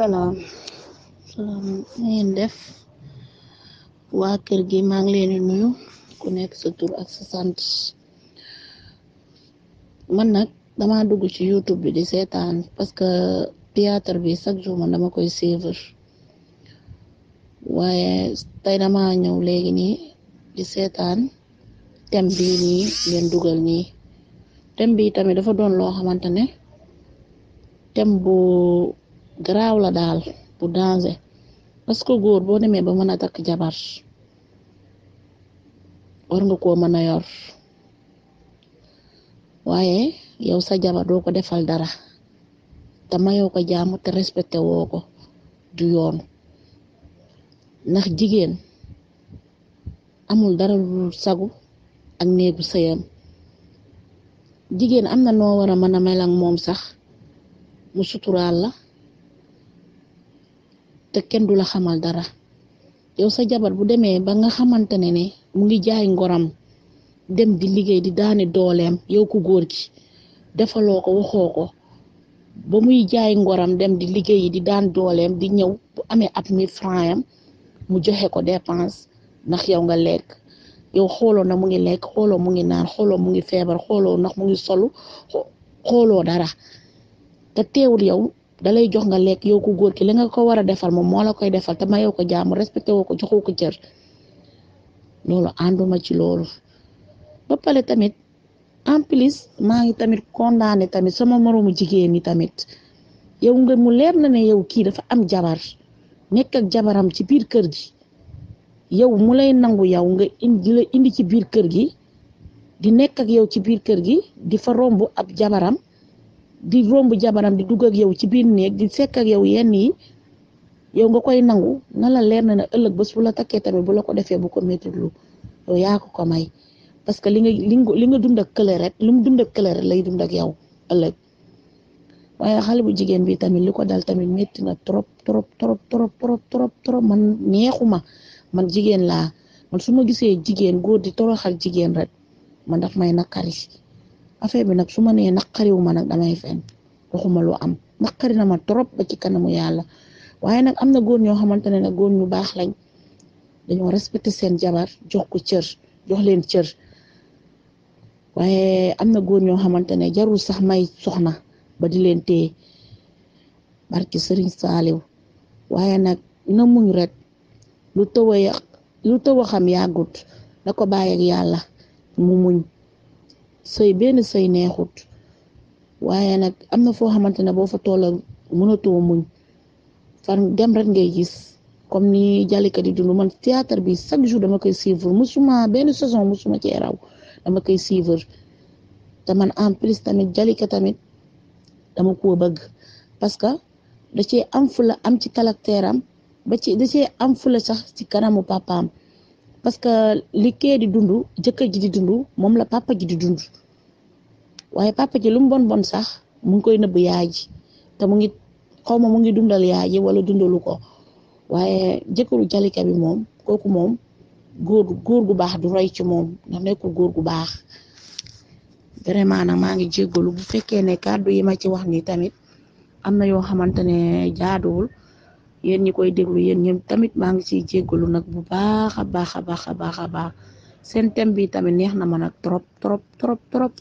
salaam def waa kër gi maa ngi leen di ku nekk sa tur ak sa sant man nag dama dugg ci YouTube bi di seetaan parce que théâtre bi chaque jour man dama koy suivre waaye tey dama ñëw léegi nii di seetaan thème bii nii ngeen dugal nii thème bi tamit dafa doon loo xamante ne bu garaaw la daal bu danger parce que góor boo demee ba mën a takk jabar war nga koo mën a yor waaye yow sa jabar doo ko defal dara te mayoo ko jaamu te respecté woo ko du yoon ndax jigéen amul dara lu sagu ak néegu sëyam jigéen am na noo war a mën a mel moom sax mu sutural la te kenn du la xamal dara yow sa jabar bu demee ba nga xamante ne ne mu ngi jaay ngoram dem di liggéey di daane dooleem yow ku góor gi defaloo ko waxoo ko ba muy jaay ngoram dem di liggéey di daan dooleem di ñëw bu amee ab mille franc am mu joxe ko dépense ndax yow nga lekk yow xooloo na mu ngi lekk xooloo mu ngi naan xooloo mu ngi feebar xooloo ndax mu ngi solu xooloo dara te teewul yow dalay jox nga lekk yow ku góor ki li nga ko war a defal moom moo la koy defal te yow ko jaamu respecté woo ko joxoo ko cër loolu ànduma ci loolu ba tamit en plus maa ngi tamit condamné tamit sama moroomu jigéen ñi tamit yow nga mu leer na ne yow kii dafa am jabar nekk ak jabaram ci biir kër gi yow mu lay nangu yow nga indi la indi ci biir kër gi di nekk ak yow ci biir kër gi di fa romb ab jabaram di romb jabaram di dugg ak yow ci biir néeg di sekk ak yow yenn yi yow nga koy nangu na la leer na ne ëllëg ba su la takkee tamit bu la ko defee bu ko métti lu yaa ko ko may parce que li nga li nga dund ak kële lu mu dund ak kële lay dund ak yow ëllëg waaye xale bu jigéen bi tamit li ko dal tamit métti na trop trop trop trop trop trop trop man neexuma man jigéen laa man su ma gisee jigéen góor di toroxal jigéen rek man daf may naqari. affaire bi nag su ma nee naqariwu ma nag damay fen waxuma lu am naqari na ma trop ba ci kanamu yàlla waaye nag am na góor ñoo xamante ne nag góor ñu baax lañ dañoo respecté seen jabar jox ko cër jox leen cër waaye am na góor ñoo xamante ne jarul sax may soxna ba di leen téye barki sëriñ saaliw waaye nag na muñ ret lu tëwa lu tëwa xam yàggut na ko bàyyi ak yàlla mu muñ sëy benn sëy neexut waaye nag am na foo xamante ne boo fa toll mënatoo muñ fan dem rek ngay gis comme ni jàllikat yi dund man théâtre bi chaque jour dama koy suivre musuma benn saison musuma cee raw dama koy suivre te man en plus tamit jàllika tamit dama koo bëgg parce que da cee am fula am ci caractère ba ci da ce am fula sax ci kanamu papaam. parce que li di dund jëkkër ji di dund moom la papa ji di dund waaye papa ji lu bon bon sax mu ngi koy nëbb yaay ji te mu ngi xaw ma mu ngi dundal yaay wala dundalu ko waaye jëkkëru jalika bi moom kooku moom góor góor gu baax du roy ci moom ndax nekkul góor gu baax vraiment nag maa ngi jéggalu bu fekkee ne kàddu yi ma ci wax nii tamit am na yoo xamante ne jaaduwul yéen ñi koy déglu yéen ñoom tamit maa ngi ciy jéggalu nag bu baax a baax a baax a baax a baax seen thème bi tamit neex na ma nag trop trop trop trop